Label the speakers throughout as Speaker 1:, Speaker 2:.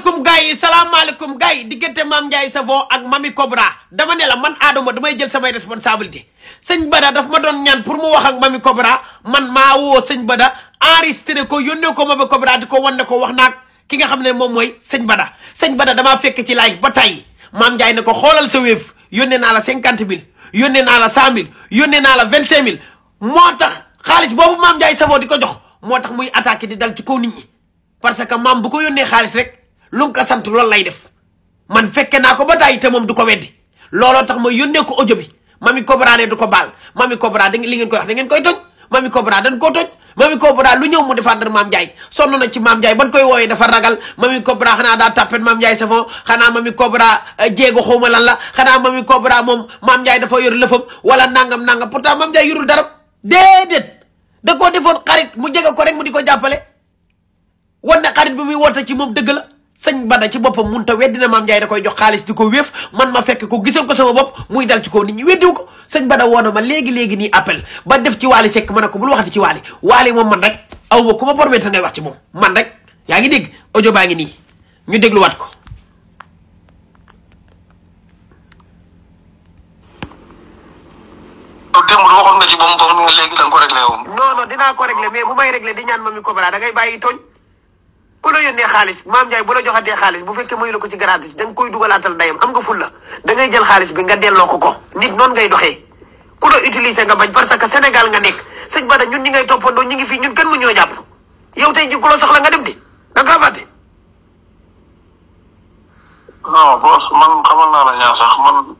Speaker 1: salaamaaleykum gars yi salaamaaleykum gars yi diggante maam Ndiaye Savon ak mami Cobra dama ne la man Adama damay jël samay responsabilité sëñ Bada daf ma doon ñaan pour mu wax ak mami Cobra man maa woo sëñ Bada enregistré ko yónnee ko mami Cobra di ko wan ne ko wax naag ki nga xam ne moom mooy sëñ Bada sëñ Bada damaa fekk ci live ba tay maam Ndiaye ne ko xoolal sa wéef yónnee naa la cinquante mille yónnee naa la cent mille yónnee naa la vingt cinq mille moo tax xaalis boobu maam Ndiaye Savon di ko jox moo tax muy attaqué dal ci kaw nit ñi parce que maam bu ko yónnee xaalis rek. lu mu sant loolu lay def man fekke naa ko ba tàyyi te moom du ko weddi looloo tax ma yónnee ko audio bi Mamy Cobra ne du ko baal Mamy Cobra da li ngeen koy wax da ngeen koy toj Mamy Cobra dañ koo toj Mamy Cobra lu ñëw mu défendre Mame Ndiaye sonn na ci Mame Ndiaye ban koy wooyee dafa ma Mamy Cobra xanaa daa tàppet Mame Ndiaye safon xanaa Mamy Cobra eh, jéego xawma lan la xanaa Mamy Cobra moom Mame Ndiaye dafa yor lëfam wala nangam nangam ma Mame Ndiaye yorul dara déedéet da koo defoon xarit mu jege ko rek mu di ko jàppale wan ne xarit bi muy woote ci moom dëgg la sëñ Bada ci boppam mun ta weddi na maam Ndiaye da koy jox xaalis di ko wéef man ma fekk ko gisal ko sama bopp muy dal ci kaw nit ñi weddiwu ko sëñ Bada woo na ma léegi-léegi nii appel ba def ci Waly Seck ma ne ko bul waxati ci Waly Waly moom man rek aw ma ku ma promettre wax ci moom man rek yaa ngi dégg audio baa ngi nii ñu dégluwaat ko démb waxoon nga ci moom ba léegi da nga ko réglé dinaa ko réglé mais bu may réglé di ñaan ma mi ko balaa da ngay bàyyi ku la yónnee xaalis maam Ndiaye bu la joxatee xaalis bu fekkee mayu la ko ci gratis da nga koy dugalaatal dayam am nga fulla da ngay jël xaalis bi nga delloo ko ko nit noonu ngay doxee ku la utiliser nga bañ parce que Sénégal nga nekk sëñ Bada ñun ñi ngay toppandoo ñi ngi fii ñun kenn mu ñoo jàpp yow tey ji ku la soxla nga dem di da ngaa fàtte. non boss man xamal naa la ñaar sax man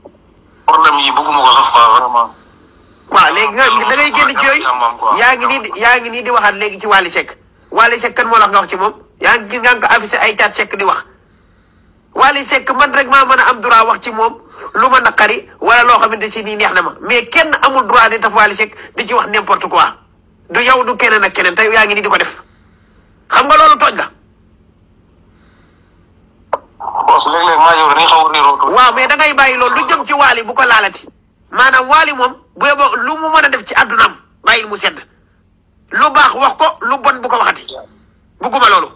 Speaker 1: problème yi bëgguma ko sax quoi nga da ngay génn ci yooyu yaa ngi nii yaa ngi nii di waxaat léegi ci Wally Seck Wally Seck kan moo la nga wax ci moom. yaa ngi gis nga ko affiché ay caat di wax Wally Seck man rek maa mën a am droit ci moom lu ma naqari wala loo xamante si nii neex na ma mais kenn amul droit di taf Wally Seck di ci wax n'importe quoi du yow du keneen ak keneen tey yaa ngi ni di ko def xam nga loolu tooñ la. boos léeg a waaw mais da ngay bàyyi loolu lu jëm ci Wally bu ko laalati maanaam Wally moom bu yeboo lu mu mën a def ci àddunaam bàyyil mu sedd lu baax wax ko lu bon bu ko waxati bugguma loolu.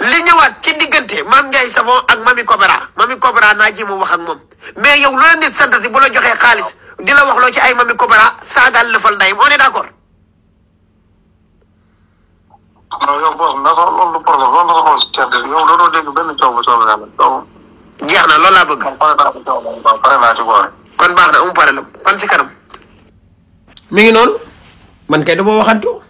Speaker 1: li ñëwaat ci diggante Mame Ndiaye Savon ak Mamy Cobra Mamy Cobra naa ji mu wax ak moom mais yow loola nit santati bu la joxee xaalis di la wax loo ci ay Mamy Cobra saagaal lëfal ndayam on est d'accord non yow boobu na sax loolu du problème loolu na sax xool seet yow dootoo dégg benn coow jeex na loolu laa bëgg. kon pare naa ci boole. kon baax na amu pare la kon si kanam. mi ngi noonu man kay dama waxantu.